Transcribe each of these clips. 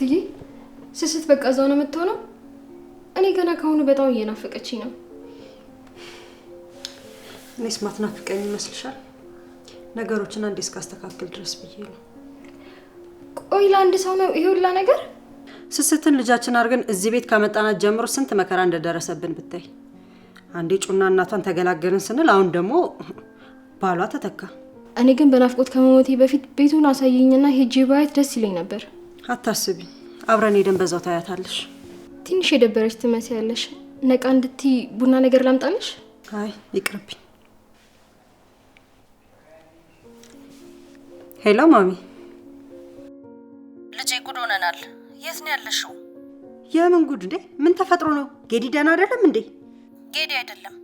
እትዬ ስስት በቃ እዛው ነው የምትሆነው? እኔ ገና ከአሁኑ በጣም እየናፈቀችኝ ነው። እኔስ ማትናፍቀኝ ይመስልሻል? ነገሮችን አንዴ እስካስተካክል ድረስ ብዬ ነው። ቆይ ለአንድ ሰው ነው ይሄ ሁላ ነገር? ስስትን ልጃችን አድርገን እዚህ ቤት ከመጣናት ጀምሮ ስንት መከራ እንደደረሰብን ብታይ። አንዴ ጩና እናቷን ተገላገልን ስንል አሁን ደግሞ ባሏ ተተካ። እኔ ግን በናፍቆት ከመሞቴ በፊት ቤቱን አሳየኝና ሄጄ ባየት ደስ ይለኝ ነበር። አታስቢ፣ አብረን ሄደን በዛው ታያታለሽ። ትንሽ የደበረች ትመስያለሽ። ነቃ እንድትይ ቡና ነገር ላምጣልሽ? አይ ይቅርብኝ። ሄሎ ማሚ። ልጄ ጉድ ሆነናል። የት ነው ያለሽው? የምን ጉድ እንዴ? ምን ተፈጥሮ ነው? ጌዲ ደህና አይደለም እንዴ? ጌዲ አይደለም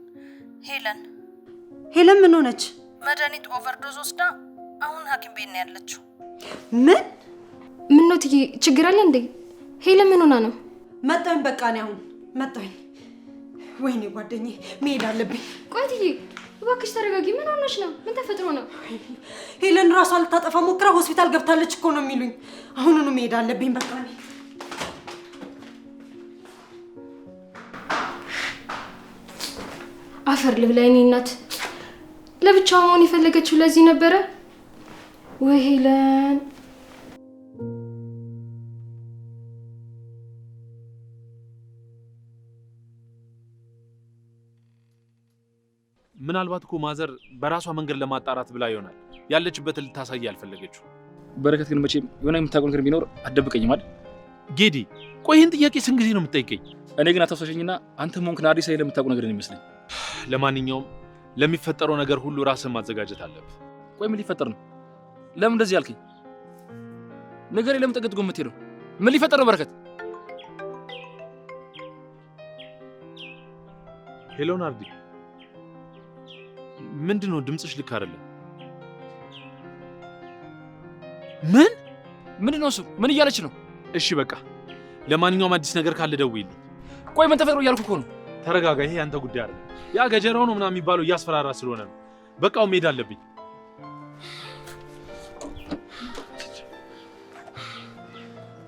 ሄለን። ሄለን ምን ሆነች? መድኃኒት ኦቨርዶዝ ወስዳ አሁን ሐኪም ቤት ነው ያለችው። ምን ምነው እትዬ ችግር አለ እንዴ? ሄለ ምን ሆና ነው? መጣኝ በቃ እኔ አሁን መጣኝ። ወይኔ ጓደኛዬ መሄድ አለብኝ። ቆይ እትዬ እባክሽ ተረጋጊ። ምን ሆነሽ ነው? ምን ተፈጥሮ ነው? ሄለን ራሷ ልታጠፋ ሞክራ ሆስፒታል ገብታለች እኮ ነው የሚሉኝ። አሁኑኑ መሄድ አለብኝ። በቃ እኔ አፈር ልብላ። እኔ እናት ለብቻዋ መሆን የፈለገችው ለዚህ ነበረ ወይ ሄለን ምናልባት እኮ ማዘር በራሷ መንገድ ለማጣራት ብላ ይሆናል ያለችበትን ልታሳይ አልፈለገችው። በረከት ግን መቼም የሆነ የምታውቀው ነገር ቢኖር አትደብቀኝም አይደል? ጌዲ፣ ቆይ ይህን ጥያቄ ስን ጊዜ ነው የምትጠይቀኝ? እኔ ግን አታውሳሽኝና አንተ ሆንክና አዲስ ላይ ለምታውቀው ነገር ነው ይመስለኝ። ለማንኛውም ለሚፈጠረው ነገር ሁሉ ራስን ማዘጋጀት አለብህ። ቆይ ምን ሊፈጠር ነው? ለምን እንደዚህ ያልከኝ? ነገር ለምን ጠገጥጎ የምትሄደው? ምን ሊፈጠር ነው? በረከት ሄሎ ናርዲ ምንድን ነው ድምፅሽ ልክ አይደለም። ምን ምንድን ነው እሱ? ምን እያለች ነው? እሺ በቃ ለማንኛውም አዲስ ነገር ካለ ደውይልኝ። ቆይ ምን ተፈጥሮ እያልኩ እኮ ነው። ተረጋጋ፣ ይሄ ያንተ ጉዳይ አይደለም። ያ ገጀራው ነው ምናምን የሚባለው እያስፈራራ ስለሆነ ነው። በቃው መሄድ አለብኝ።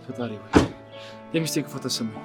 ፈጣሪ የሚስቴ ፎቶ ተሰማኝ።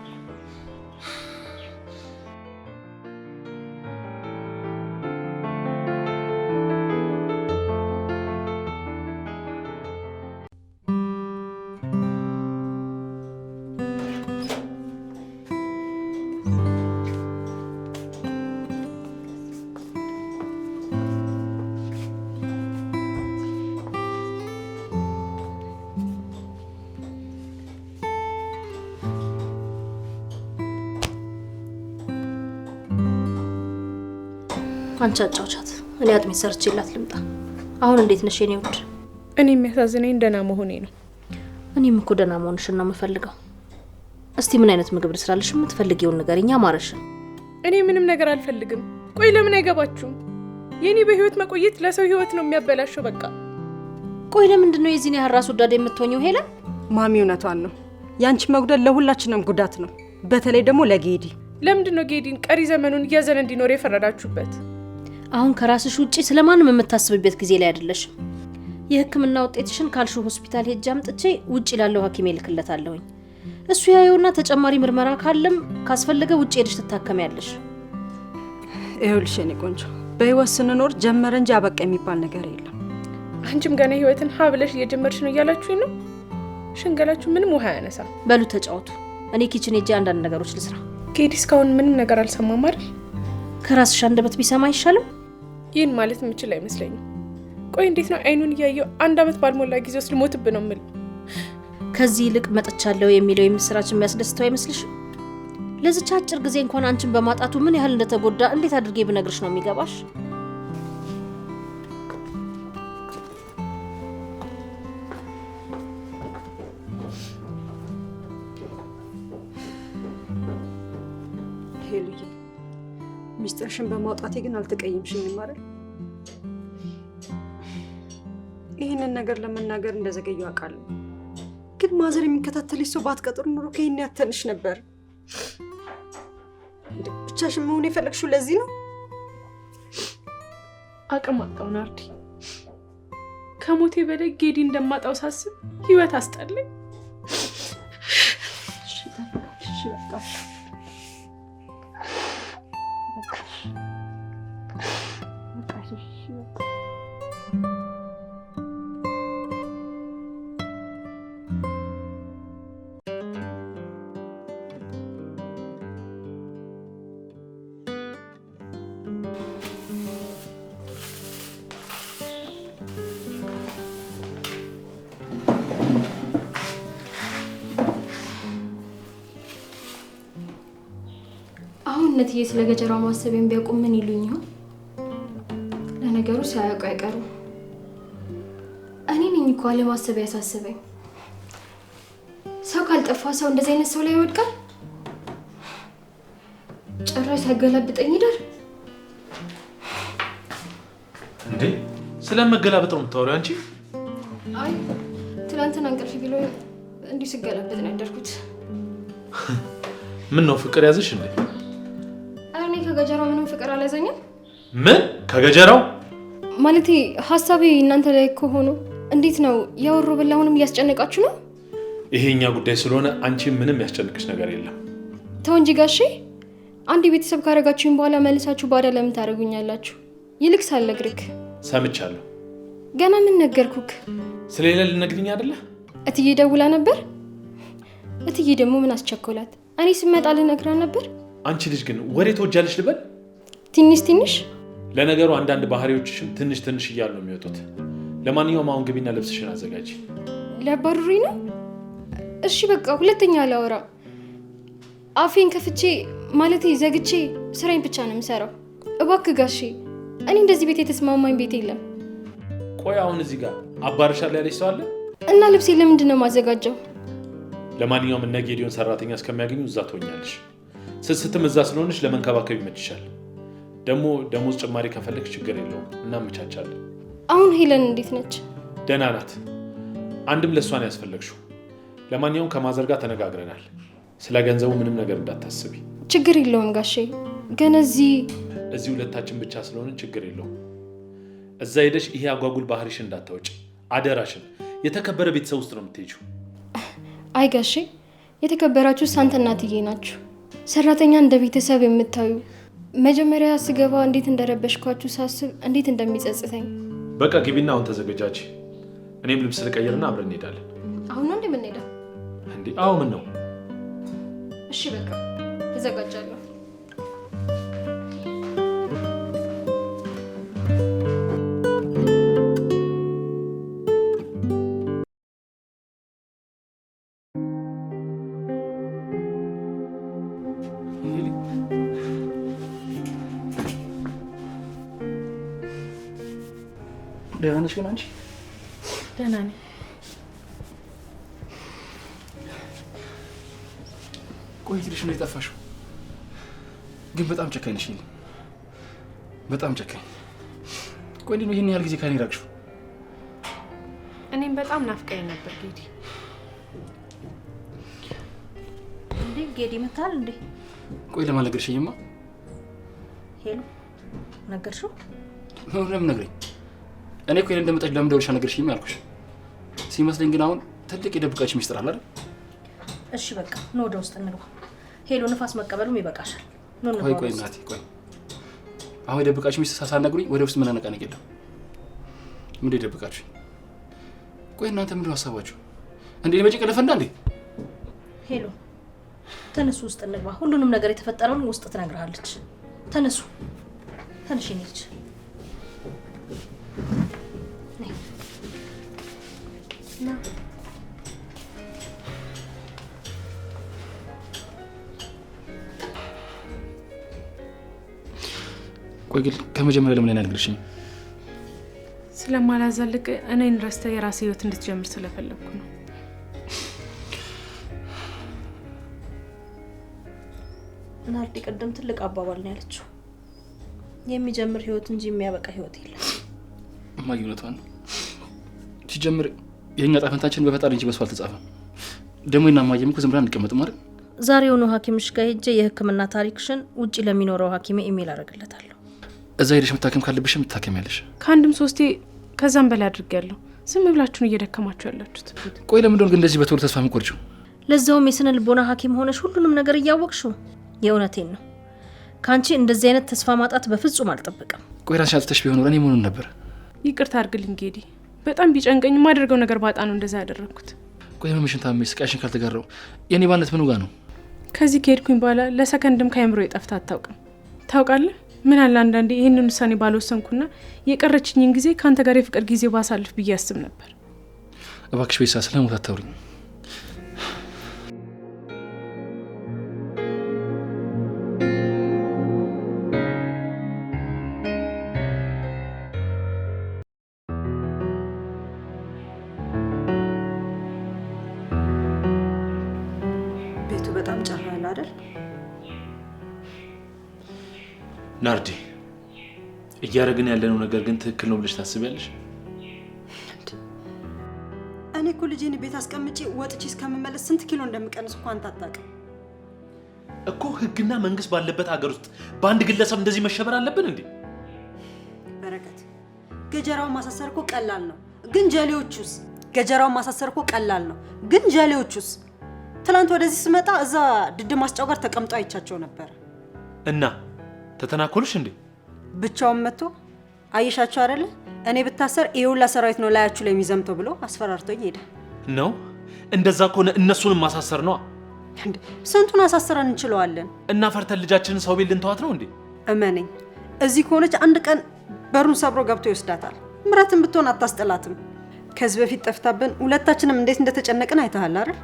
አንቺ አጫውቻት፣ እኔ አጥሜት ሰርቼላት ልምጣ። አሁን እንዴት ነሽ የኔ ውድ? እኔ የሚያሳዝነኝ ደህና መሆኔ ነው። እኔም እኮ ደህና መሆንሽን ነው የምፈልገው። እስቲ ምን አይነት ምግብ ልስራልሽ? የምትፈልጊውን ንገሪኝ፣ አማረሽን። እኔ ምንም ነገር አልፈልግም። ቆይ ለምን አይገባችሁም? የእኔ በህይወት መቆየት ለሰው ህይወት ነው የሚያበላሸው። በቃ ቆይ ለምንድን ነው የዚህን ያህል ራስ ወዳድ የምትሆኘው ሄለን? ማሚ እውነቷን ነው። ያንቺ መጉደል ለሁላችንም ጉዳት ነው፣ በተለይ ደግሞ ለጌዲ። ለምንድን ነው ጌዲን ቀሪ ዘመኑን እያዘነ እንዲኖር የፈረዳችሁበት? አሁን ከራስሽ ውጪ ስለማንም የምታስብበት ጊዜ ላይ አይደለሽ የህክምና ውጤትሽን ካልሹ ሆስፒታል ሄጄ አምጥቼ ውጪ ላለው ሐኪም እልክለታለሁኝ። እሱ ያየውና ተጨማሪ ምርመራ ካለም ካስፈለገ ውጪ ሄደሽ ትታከሚያለሽ። ይኸውልሽ የኔ ቆንጆ በህይወት ስንኖር ጀመረ እንጂ አበቃ የሚባል ነገር የለም። አንቺም ገና ህይወትን ሀ ብለሽ እየጀመርሽ ነው እያላችሁኝ ነው። ሽንገላችሁ ምንም ውሃ ያነሳ። በሉ ተጫወቱ። እኔ ኪችን ሄጄ አንዳንድ ነገሮች ልስራ። ኬዲ እስካሁን ምንም ነገር አልሰማም አይደል? ከራስሽ አንደበት ቢሰማ አይሻልም? ይህን ማለት የምችል አይመስለኝም። ቆይ እንዴት ነው አይኑን እያየው አንድ ዓመት ባልሞላ ጊዜ ውስጥ ልሞትብ ነው ምል ከዚህ ይልቅ መጥቻለሁ የሚለው የምስራች የሚያስደስተው አይመስልሽ? ለዚች አጭር ጊዜ እንኳን አንቺን በማጣቱ ምን ያህል እንደተጎዳ እንዴት አድርጌ ብነግርሽ ነው የሚገባሽ? መነጽርሽን በማውጣቴ ግን አልተቀየምሽኝም አይደል? ይህንን ነገር ለመናገር እንደዘገየው አውቃለሁ። ግን ማዘር የሚከታተልሽ ሰው ባትቀጥሩ ኑሮ ከይህን ያተንሽ ነበር። ብቻሽን መሆን የፈለግሽው ለዚህ ነው? አቅም አጣው ናርዲ። ከሞቴ በላይ ጌዲ እንደማጣው ሳስብ ህይወት አስጠላኝ። እነትዬ ስለ ገጀራው ማሰቤን ቢያውቁ ምን ይሉኝ ይሆን? ለነገሩ ሳያውቁ አይቀሩም። እኔ ነኝ እኮ አለማሰብ ያሳሰበኝ። ሰው ካልጠፋ ሰው እንደዚህ አይነት ሰው ላይ ይወድቃል። ጭራሽ ያገላብጠኝ ይደር እንዴ! ስለመገላበጥ ነው የምታወሪው አንቺ? አይ ትናንትና እንቅልፍ ቢሎ እንዲህ ስገላበጥ ነው ያደርኩት። ምን ነው ፍቅር ያዘሽ እንዴ? ከገጀራው ምንም ፍቅር አላዘኝም? ምን ከገጀራው ማለቴ ሀሳቤ እናንተ ላይ ከሆኑ እንዴት ነው ያወሩ ብላ አሁንም እያስጨነቃችሁ ነው? ይሄኛ ጉዳይ ስለሆነ አንቺ ምንም ያስጨንቅሽ ነገር የለም። ተው እንጂ ጋሼ፣ አንድ ቤተሰብ ካረጋችሁኝ በኋላ መልሳችሁ ባዳ ለምን ታደርጉኛላችሁ? ይልቅ ሳልነግርክ ሰምቻለሁ። ገና ምን ነገርኩክ? ስለሌለ ልነግርኝ አደለ? እትዬ ደውላ ነበር። እትዬ ደግሞ ምን አስቸኮላት? እኔ ስመጣ ልነግራ ነበር። አንቺ ልጅ ግን ወሬ ተወጃለሽ ልበል? ትንሽ ትንሽ። ለነገሩ አንዳንድ ባህሪዎችሽም ትንሽ ትንሽ እያሉ ነው የሚወጡት። ለማንኛውም አሁን ግቢና ልብስሽን አዘጋጅ። ሊያባርሩኝ ነው? እሺ በቃ ሁለተኛ ላወራ። አፌን ከፍቼ ማለቴ ዘግቼ ስራዬን ብቻ ነው የምሰራው። እባክህ ጋሼ፣ እኔ እንደዚህ ቤት የተስማማኝ ቤት የለም። ቆይ አሁን እዚህ ጋር አባርሻል ያለች ሰው አለ እና ልብሴ ለምንድን ነው የማዘጋጀው? ለማንኛውም እነ ጌዲዮን ሰራተኛ እስከሚያገኙ እዛ ትሆኛለሽ። ስስትም እዛ ስለሆነች ለመንከባከብ ይመችሻል። ደግሞ ደሞዝ ጭማሪ ከፈለግ ችግር የለውም እናመቻቻለን። አሁን ሄለን እንዴት ነች? ደህና ናት። አንድም ለእሷን ያስፈለግሽው። ለማንኛውም ከማዘር ጋር ተነጋግረናል። ስለ ገንዘቡ ምንም ነገር እንዳታስቢ። ችግር የለውም ጋሼ። ግን እዚህ እዚህ ሁለታችን ብቻ ስለሆነ ችግር የለውም። እዛ ሄደሽ ይሄ አጓጉል ባህሪሽ እንዳታወጭ አደራሽን። የተከበረ ቤተሰብ ውስጥ ነው የምትሄጂው። አይ ጋሼ፣ የተከበራችሁ ሳንተ እናትዬ ናችሁ። ሰራተኛ እንደ ቤተሰብ የምታዩ መጀመሪያ ስገባ እንዴት እንደረበሽኳችሁ ሳስብ እንዴት እንደሚጸጽተኝ። በቃ ግቢና አሁን ተዘገጃች። እኔም ልብስ ልቀይርና አብረን እንሄዳለን። አሁን ነው እንደምንሄደው እንዴ? አዎ። ምን ነው? እሺ በቃ ተዘጋጃለሁ። ደህና ነሽ ግን አንቺ? ደህና ነኝ። ቆይትልሽ ነው የጠፋሽው። ግን በጣም ጨካኝ ነሽ። በጣም ጨካኝ። ቆይ እንዴት ነው ይህን ያህል ጊዜ ከኔ ራቅሽው? እኔም በጣም ናፍቀኝ ነበር ጌዲ። እንዴ ጌዲ መታል እንዴ? ቆይ ለማን ነገርሽኝማ? ሄሎ ነገርሽው? ለምን ነግረኝ እኔ እኮ ይሄን እንደመጣች ለምን ደውልሽ አልነገርሽኝም ያልኩሽ ሲመስለኝ፣ ግን አሁን ትልቅ የደብቃች ሚስጥር አለ አይደል? እሺ በቃ ነው፣ ወደ ውስጥ እንግባ። ሄሎ ንፋስ መቀበሉም ይበቃሻል። ቆይ ቆይ እናቴ ቆይ፣ አሁን የደብቃች ሚስጥር ሳትነግሩኝ ወደ ውስጥ ምን መነቃነቅ የለም። ምንድን የደብቃችሁ? ቆይ እናንተ ምንድን ሀሳባችሁ እንዴ? መጭ ቀለፈንዳ እንዴ? ሄሎ ተነሱ፣ ውስጥ እንግባ። ሁሉንም ነገር የተፈጠረውን ውስጥ ትነግርሃለች። ተነሱ፣ ተነሽ ልጅ ነው። ቆይ ግን ከመጀመሪያ ለምን አልነግርሽኝ? ስለማላዛልቅ እኔን ረስተህ የራሴ ህይወት እንድትጀምር ስለፈለግኩ ነው። ናርዲ ቅድም ትልቅ አባባል ነው ያለችው፣ የሚጀምር ህይወት እንጂ የሚያበቃ ህይወት የለም። እማዬ እውነቷን ነው ሲጀምር የእኛ ጣፈንታችን በፈጣሪ እንጂ በሱ አልተጻፈም። ደግሞ ና ማየም እኮ ዝም ብላ እንቀመጥ ማለት ዛሬውኑ ሐኪምሽ ጋር ሄጄ የህክምና ታሪክሽን ውጭ ለሚኖረው ሐኪሜ ኢሜል አደርግለታለሁ። እዛ ሄደሽ መታከም ካለብሽ የምትታከም ያለሽ ከአንድም ሶስቴ ከዛም በላይ አድርጌያለሁ። ዝም ብላችሁን እየደከማችሁ ያላችሁት። ቆይ ለምንድን ግን እንደዚህ በቶሎ ተስፋ የምቆርጪው? ለዛውም የስነ ልቦና ሐኪም ሆነሽ ሁሉንም ነገር እያወቅሽው። የእውነቴን ነው ከአንቺ እንደዚህ አይነት ተስፋ ማጣት በፍጹም አልጠብቅም። ቆይ ራስሽን አጥተሽ ቢሆን እኔ መሆኑን ነበር። ይቅርታ አድርግልኝ ጌዲ በጣም ቢጨንቀኝ የማደርገው ነገር ባጣ ነው እንደዛ ያደረግኩት። ቆይ መምሽን ታሜስ ካልተጋረው የእኔ ባነት ምኑ ጋ ነው? ከዚህ ከሄድኩኝ በኋላ ለሰከንድም ከአይምሮ የጠፍታ አታውቅም። ታውቃለህ ምን አለ አንዳንዴ ይህንን ውሳኔ ባልወሰንኩና የቀረችኝን ጊዜ ከአንተ ጋር የፍቅር ጊዜ ባሳልፍ ብዬ አስብ ነበር። እባክሽ ቤሳ ስለሞት አታውሪኝ። እያደረግን ያለነው ነገር ግን ትክክል ነው ብለሽ ታስቢያለሽ? እኔ እኮ ልጄን ቤት አስቀምጬ ወጥቼ እስከምመለስ ስንት ኪሎ እንደምቀንስ እኮ አንተ አታውቅም እኮ። ህግና መንግስት ባለበት ሀገር ውስጥ በአንድ ግለሰብ እንደዚህ መሸበር አለብን እንዴ? በረከት ገጀራውን ማሳሰር እኮ ቀላል ነው፣ ግን ጀሌዎቹስ? ገጀራውን ማሳሰር እኮ ቀላል ነው፣ ግን ጀሌዎቹስ? ትናንት ወደዚህ ስመጣ እዛ ድድ ማስጫው ጋር ተቀምጦ አይቻቸው ነበር እና ተተናኮሉሽ እንዴ? ብቻውን መጥቶ አየሻቸው አይደለ እኔ ብታሰር ይሁላ ሰራዊት ነው ላያችሁ ላይ የሚዘምተው ብሎ አስፈራርቶኝ ሄደ። ነው እንደዛ ከሆነ እነሱንም ማሳሰር ነዋ። ስንቱን አሳስረን እንችለዋለን? እና ፈርተን ልጃችንን ሰው ቤት ልንተዋት ነው እንዴ? እመነኝ፣ እዚህ ከሆነች አንድ ቀን በሩን ሰብሮ ገብቶ ይወስዳታል። ምረትን ብትሆን አታስጠላትም። ከዚህ በፊት ጠፍታብን ሁለታችንም እንዴት እንደተጨነቅን አይተሃል አይደል?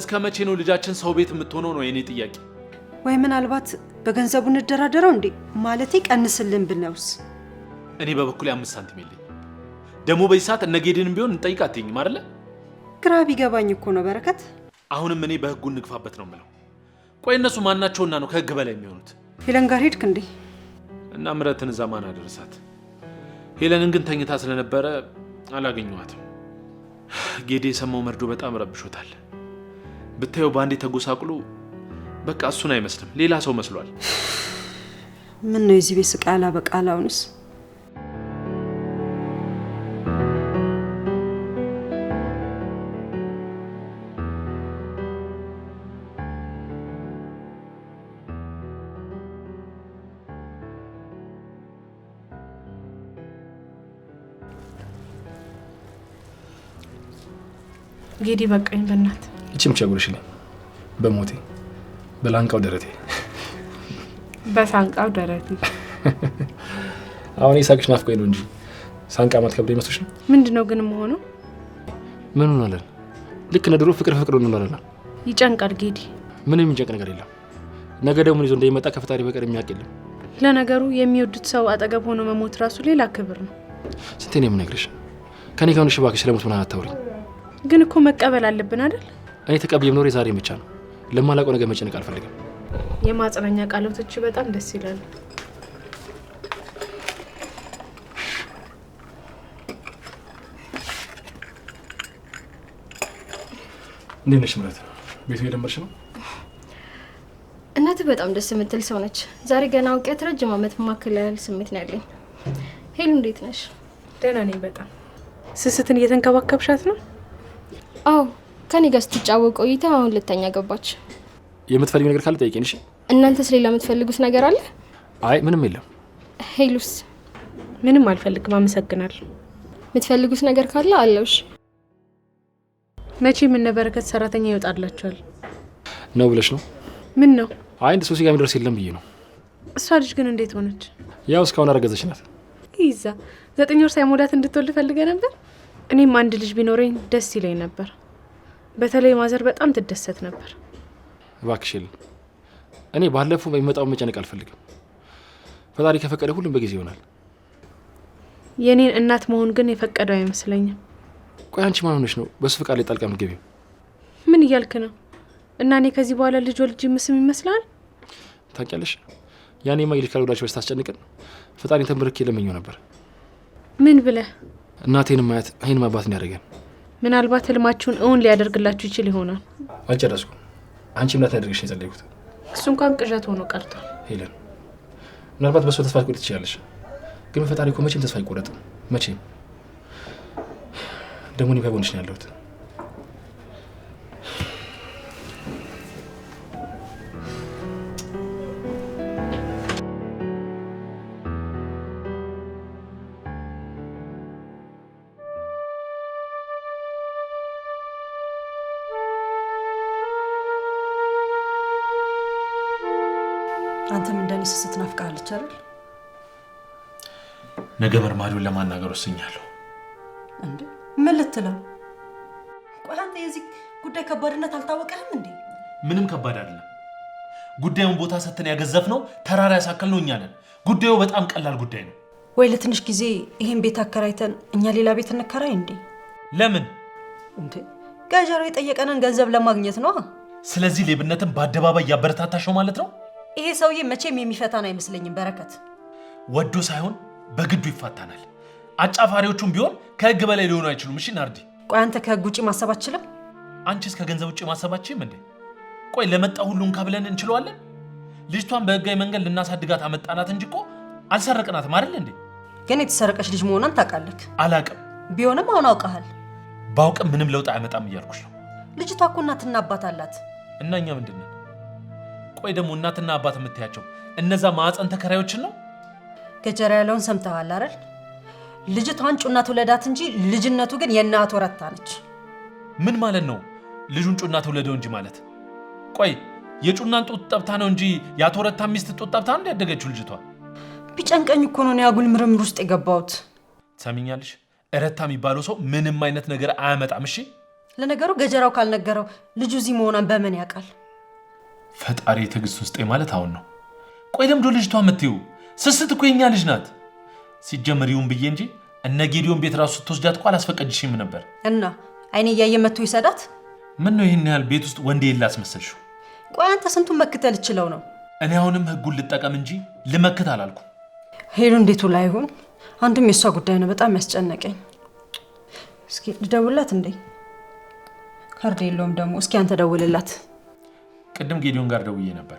እስከ መቼ ነው ልጃችን ሰው ቤት የምትሆነው ነው የኔ ጥያቄ። ወይ ምናልባት በገንዘቡ እንደራደረው እንዴ? ማለቴ ቀንስልን ብነውስ? እኔ በበኩሌ አምስት ሳንቲም የለኝ። ደግሞ በዚህ ሰዓት እነጌድንም ቢሆን እንጠይቅ አትይኝም አይደለ? ግራ ቢገባኝ እኮ ነው በረከት። አሁንም እኔ በህጉ እንግፋበት ነው ምለው። ቆይ እነሱ ማናቸውና ነው ከህግ በላይ የሚሆኑት? ሄለን ጋር ሄድክ እንዴ? እና ምረትን እዛ ማን አደረሳት? ሄለንን ግን ተኝታ ስለነበረ አላገኘኋትም። ጌዴ የሰማው መርዶ በጣም ረብሾታል። ብታየው በአንዴ ተጎሳቁሎ በቃ እሱን አይመስልም፣ ሌላ ሰው መስሏል። ምን ነው የዚህ ቤት ስቃይ አላበቃ። አሁንስ ጌዲ በቃኝ። በእናት ይችም ቸጉርሽ ላይ በሞቴ በላንቃው ደረቴ በሳንቃው ደረቴ። አሁን የሳቅሽ ናፍቆኝ ነው እንጂ ሳንቃ ማትከብደ ይመስልሽ ነው? ምንድን ነው ግን መሆኑ? ምን ሆናለን? ልክ እንደ ድሮ ፍቅር ፍቅር እንሆናለን። ይጨንቃል ጌዲ። ምንም የሚጨንቅ ነገር የለም። ነገ ደግሞ ይዞ እንደሚመጣ ከፈጣሪ በቀር የሚያውቅ የለም። ለነገሩ የሚወዱት ሰው አጠገብ ሆኖ መሞት ራሱ ሌላ ክብር ነው። ስንቴ ነው የምነግርሽ? ከኔ ከሆነ ሽባክሽ ስለሞት ምን አታውሪ። ግን እኮ መቀበል አለብን አይደል? እኔ ተቀብዬ የምኖር የዛሬ ብቻ ነው ለማላውቀው ነገር መጨነቅ አልፈልግም። የማጽናኛ ቃላቶች በጣም ደስ ይላሉ። እንዴት ነሽ ምረት? ቤቱ የደመርሽ ነው? እናትህ በጣም ደስ የምትል ሰው ነች። ዛሬ ገና አውቄያት ረጅም ዓመት ማከል ያህል ስሜት ነው ያለኝ። ሄሉ እንዴት ነሽ? ደህና ነኝ በጣም። ስስትን እየተንከባከብሻት ነው? አዎ ከኔ ጋር ስትጫወቅ ቆይታ አሁን ሁለተኛ ገባች። የምትፈልጊው ነገር ካለ ጠይቂኝ እሺ። እናንተስ ሌላ የምትፈልጉት ነገር አለ? አይ ምንም የለም። ሄሉስ? ምንም አልፈልግም፣ አመሰግናለሁ። የምትፈልጉት ነገር ካለ አለውሽ። መቼም እነ ሰራተኛ ይወጣላቸዋል ነው ብለሽ ነው? ምን ነው? አይ እንደ ሶሲ ጋር የሚደርስ የለም ብዬ ነው። እሷ ልጅ ግን እንዴት ሆነች? ያው እስካሁን አረገዘች ናት። ይዛ ዘጠኝ ወር ሳይሞዳት እንድትወልድ ፈልገ ነበር። እኔም አንድ ልጅ ቢኖረኝ ደስ ይለኝ ነበር። በተለይ ማዘር በጣም ትደሰት ነበር። እባክሽል እኔ ባለፈው በሚመጣው መጨነቅ አልፈልግም። ፈጣሪ ከፈቀደ ሁሉም በጊዜ ይሆናል። የኔን እናት መሆን ግን የፈቀደው አይመስለኝም። ቆይ አንቺ ማን ሆነሽ ነው በሱ ፍቃድ ላይ ጣልቃ የምትገቢው? ምን እያልክ ነው? እና እኔ ከዚህ በኋላ ልጅ ወልጅ ምስም ይመስላል። ታውቂያለሽ፣ ያኔ ማ የልጅ ካልወላድሽ በስ ታስጨንቅን ፈጣሪ ተንበርኬ ለመኘው ነበር። ምን ብለህ እናቴንም ማየት ይህን ማባት ያደርገን ምናልባት ህልማችሁን እውን ሊያደርግላችሁ ይችል ይሆናል። አልጨረስኩ አንቺ ምላት ያደርግሽ የጸለይኩት እሱ እንኳን ቅዠት ሆኖ ቀርቷል። ሄለን፣ ምናልባት በእሱ ተስፋ ትቆርጥ ትችላለች፣ ግን በፈጣሪ እኮ መቼም ተስፋ አይቆረጥም። መቼም ደግሞ እኔ ከጎንሽ ነው ያለሁት። አንተም እንደኔ ስስት ናፍቃለች አይደል? ነገ መርማሪውን ለማናገር ወስኛለሁ። እንዴ ምን ልትለው? ቆይ አንተ የዚህ ጉዳይ ከባድነት አልታወቀህም እንዴ? ምንም ከባድ አይደለም። ጉዳዩን ቦታ ሰተን ያገዘፍነው ተራራ ያሳከልነው እኛ ነን። ጉዳዩ በጣም ቀላል ጉዳይ ነው። ወይ ለትንሽ ጊዜ ይሄን ቤት አከራይተን እኛ ሌላ ቤት እንከራይ እንዴ? ለምን እንዴ? ገጀራው የጠየቀንን ገንዘብ ለማግኘት ነው። ስለዚህ ሌብነትን በአደባባይ እያበረታታሽ ነው ማለት ነው። ይሄ ሰውዬ መቼም የሚፈታን አይመስለኝም። በረከት ወዶ ሳይሆን በግዱ ይፋታናል። አጫፋሪዎቹም ቢሆን ከህግ በላይ ሊሆኑ አይችሉም። እሺ ናርዲ፣ ቆይ አንተ ከህግ ውጭ ማሰብ አትችልም? አንቺስ ከገንዘብ ውጭ ማሰብ አትችልም እንዴ? ቆይ ለመጣ ሁሉ እንካ ብለን እንችለዋለን? ልጅቷን በህጋዊ መንገድ ልናሳድጋት አመጣናት እንጂ እኮ አልሰረቅናትም አይደል እንዴ? ግን የተሰረቀች ልጅ መሆኗን ታውቃለህ? አላውቅም። ቢሆንም አሁን አውቀሃል። ባውቅም ምንም ለውጥ አያመጣም እያልኩሽ ነው። ልጅቷ እኮ እናትና አባት አላት። እና እኛ ምንድን ነው ቆይ ደግሞ እናትና አባት የምትያቸው እነዛ ማዕፀን ተከራዮችን ነው? ገጀራ ያለውን ሰምተዋል አይደል? ልጅቷን ጩና ትውለዳት እንጂ ልጅነቱ ግን የእናቱ ረታ ነች። ምን ማለት ነው? ልጁን ጩና ትውለደው እንጂ ማለት ቆይ የጩናን ጡት ጠብታ ነው እንጂ የአቶ ረታ ሚስት ጡት ጠብታ ነው ያደገችው ልጅቷ። ቢጨንቀኝ እኮ ነው ያጉል ምርምር ውስጥ የገባሁት። ሰሚኛልሽ፣ እረታ የሚባለው ሰው ምንም አይነት ነገር አያመጣም። እሺ። ለነገሩ ገጀራው ካልነገረው ልጁ እዚህ መሆኗን በምን ያውቃል? ፈጣሪ የትዕግስት ውስጤ ማለት አሁን ነው። ቆይ ደምዶ ልጅቷ ምትዩ ስስት እኮ የኛ ልጅ ናት። ሲጀመር ይሁን ብዬ እንጂ እነ ጌዲዮን ቤት ራሱ ስትወስዳት እኮ አላስፈቀድሽም ነበር። እና አይኔ እያየ መቶ ይሰዳት። ምን ነው ይህን ያህል ቤት ውስጥ ወንድ የለ አስመሰልሽው። ቆይ አንተ ስንቱን መክተል እችለው ነው? እኔ አሁንም ህጉን ልጠቀም እንጂ ልመክት አላልኩ። ሄዱ እንዴቱ ላይ ይሁን አንዱም የእሷ ጉዳይ ነው። በጣም ያስጨነቀኝ። እስኪ ልደውልላት እንዴ? ካርድ የለውም ደግሞ። እስኪ አንተ ደውልላት። ቅድም ጌዲዮን ጋር ደውዬ ነበር።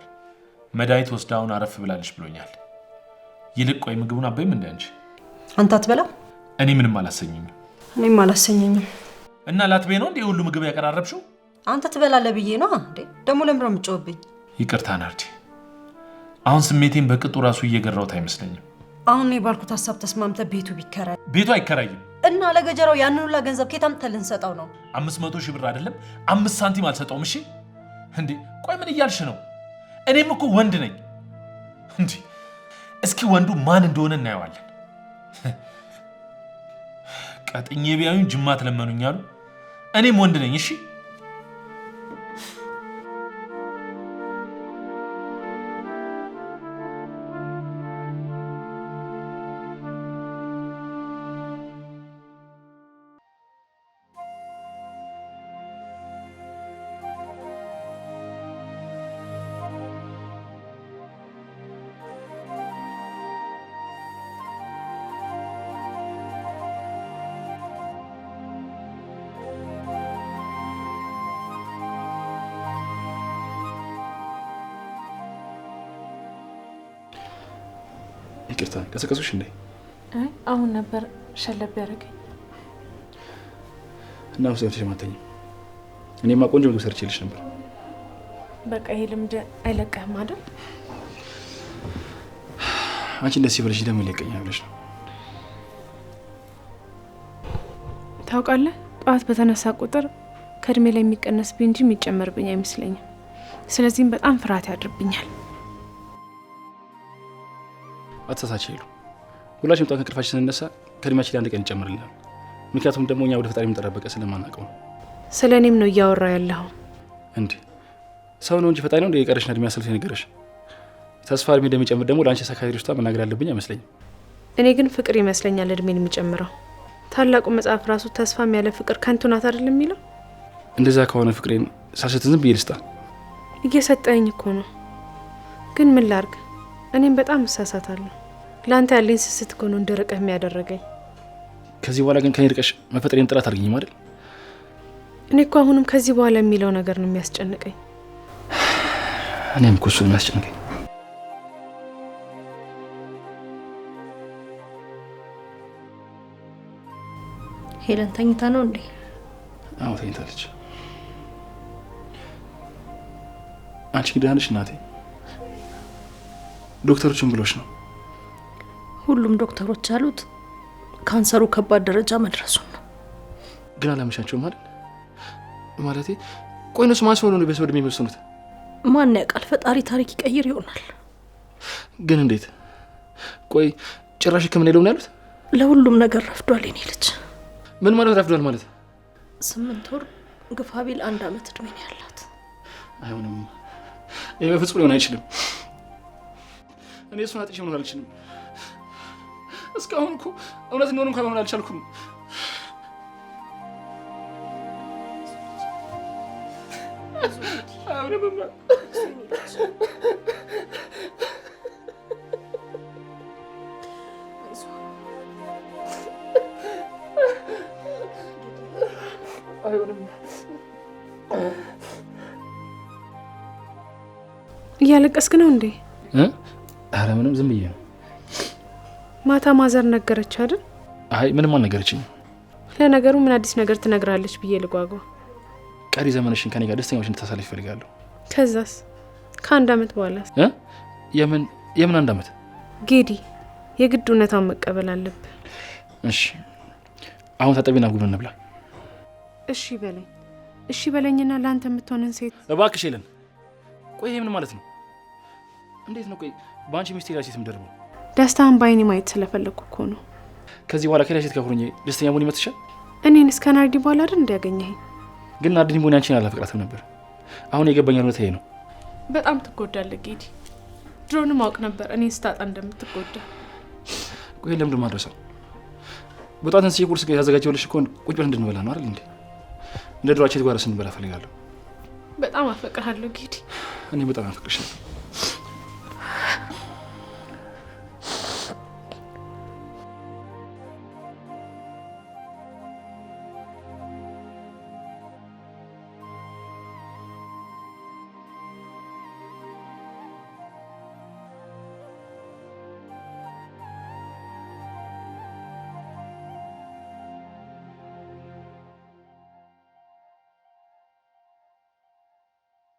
መድኃኒት ወስዳውን አረፍ ብላለች ብሎኛል። ይልቅ ቆይ ምግቡን አበይም እንደ አንቺ አንተ አትበላም? እኔ ምንም አላሰኘኝም። እኔም አላሰኘኝም። እና ላትቤ ነው እንዴ ሁሉ ምግብ ያቀራረብሽው? አንተ ትበላለህ ብዬ ነው እንዴ ደግሞ ለምረ ምጮብኝ። ይቅርታ ናርዲ፣ አሁን ስሜቴን በቅጡ ራሱ እየገራውት አይመስለኝም። አሁን የባልኩት ሀሳብ ተስማምተ ቤቱ ቢከራይ ቤቱ አይከራይም እና ለገጀራው ያንን ሁላ ገንዘብ ኬታም ተልንሰጠው ነው? አምስት መቶ ሺህ ብር አይደለም አምስት ሳንቲም አልሰጠውም። እሺ እንዴ ቆይ ምን እያልሽ ነው? እኔም እኮ ወንድ ነኝ። እንዴ እስኪ ወንዱ ማን እንደሆነ እናየዋለን። ቀጥኜ ቢያዩኝ ጅማት ለመኑኝ አሉ። እኔም ወንድ ነኝ። እሺ ይቅርታ ቀሰቀሱሽ እንዴ? አሁን ነበር ሸለብ ያደረገኝ እና ውስጥ ተሸማተኝ። እኔማ ቆንጆ ምግብ ሰርቼልሽ ነበር። በቃ ይሄ ልምድ አይለቀህም አይደል? አንቺ ደስ ይበልሽ፣ ደግሞ ይለቀኛል ብለሽ ነው። ታውቃለህ፣ ጠዋት በተነሳ ቁጥር ከእድሜ ላይ የሚቀነስብኝ እንጂ የሚጨመርብኝ አይመስለኝም። ስለዚህም በጣም ፍርሃት ያድርብኛል። አተሳሳቸው ይሉ ሁላችንም ጠዋት ከእንቅልፋችን ስንነሳ ከእድሜያችን አንድ ቀን ይጨምርልናል። ምክንያቱም ደግሞ እኛ ወደ ፈጣሪ የምንጠራበት ስለማናውቀው ነው። ስለ እኔም ነው እያወራ ያለኸው። እንዲህ ሰው ነው እንጂ ፈጣሪ ነው እንደ የቀረሽን እድሜ አስልቶ የነገረሽ። ተስፋ እድሜ እንደሚጨምር ደግሞ ለአንቺ ሳይካትሪስቷ መናገር አለብኝ አይመስለኝም። እኔ ግን ፍቅር ይመስለኛል እድሜን የሚጨምረው። ታላቁ መጽሐፍ ራሱ ተስፋም ያለ ፍቅር ከንቱ ናት አይደለም የሚለው። እንደዛ ከሆነ ፍቅሬን ሳልሰጥ ዝም ብዬ ልስጣ። እየሰጠኝ እኮ ነው፣ ግን ምን ላርግ? እኔም በጣም እሳሳታለሁ። ለአንተ ያለኝ ስስት እኮ ነው እንድርቅህ የሚያደረገኝ። ከዚህ በኋላ ግን ከኔ ርቀሽ መፈጠሬን ጥላት አድርጊኝም አይደል? እኔ እኮ አሁንም ከዚህ በኋላ የሚለው ነገር ነው የሚያስጨንቀኝ። እኔም እኮ እሱ ነው የሚያስጨንቀኝ። ሄለን ተኝታ ነው እንዴ? አዎ ተኝታለች። አንቺ ደህና እናቴ? ዶክተሮችን ብሎች ነው። ሁሉም ዶክተሮች ያሉት ካንሰሩ ከባድ ደረጃ መድረሱን ነው። ግን አላመሻቸውም አይደል? ማለቴ ቆይ እነሱ ማን ሲሆኑ ነው በሰው እድሜ የሚወስኑት? ማን ያውቃል? ፈጣሪ ታሪክ ይቀይር ይሆናል። ግን እንዴት? ቆይ ጭራሽ ሕክምና የለውም ያሉት? ለሁሉም ነገር ረፍዷል የኔ ልጅ። ምን ማለት ረፍዷል ማለት? ስምንት ወር ግፋ ቢል አንድ አመት እድሜ ያላት። አይሆንም፣ ይህ በፍጹም ሊሆን አይችልም። እኔ እሱን አጥቼ መኖር አልችልም። እስካሁን እኮ እውነት እንደሆነ እንኳን መሆን አልቻልኩም። እያለቀስክ ነው እንዴ? አረ ምንም ዝም ብዬ ነው። ማታ ማዘር ነገረች አይደል? አይ ምንም አልነገረችኝ። ለነገሩ ምን አዲስ ነገር ትነግራለች ብዬ ልጓጓ። ቀሪ ዘመንሽን ከኔ ጋር ደስተኛዎች እንድታሳልፍ ይፈልጋለሁ። ከዛስ? ከአንድ አመት በኋላ የምን የምን አንድ አመት ጌዲ፣ የግድ እውነታውን መቀበል አለብ እሺ አሁን ታጠቢና ጉብን እንብላ። እሺ በለኝ፣ እሺ በለኝና ለአንተ የምትሆንን ሴት እባክሽ። የለን ቆይ፣ ምን ማለት ነው? እንዴት ነው ቆይ በአንቺ ሚስቴ ላይ ሴት ምደርበው ደስታን በአይኔ ማየት ስለፈለግኩ እኮ ነው። ከዚህ በኋላ ከላይ ሴት ጋር ደስተኛ መሆን ይመትሻል። እኔን እስከ ናርዲ በኋላ አይደል እንዲያገኘኝ። ግን ናርዲን ሆን አንቺን አላፈቅራትም ነበር። አሁን የገባኛል እውነት ይሄ ነው። በጣም ትጎዳለህ ጌዲ። ድሮን አውቅ ነበር እኔን ስታጣ እንደምትጎዳ። ቆይ ለምንድን ማድረሰው በጧት ንስ ቁርስ ያዘጋጀሁልሽ እኮ ቁጭ ብለን እንድንበላ ነው አይደል እንዴ? እንደ ድሯቸት ጓረስ እንበላ ፈልጋለሁ። በጣም አፈቅርሃለሁ ጌዲ። እኔ በጣም አፈቅርሻለሁ።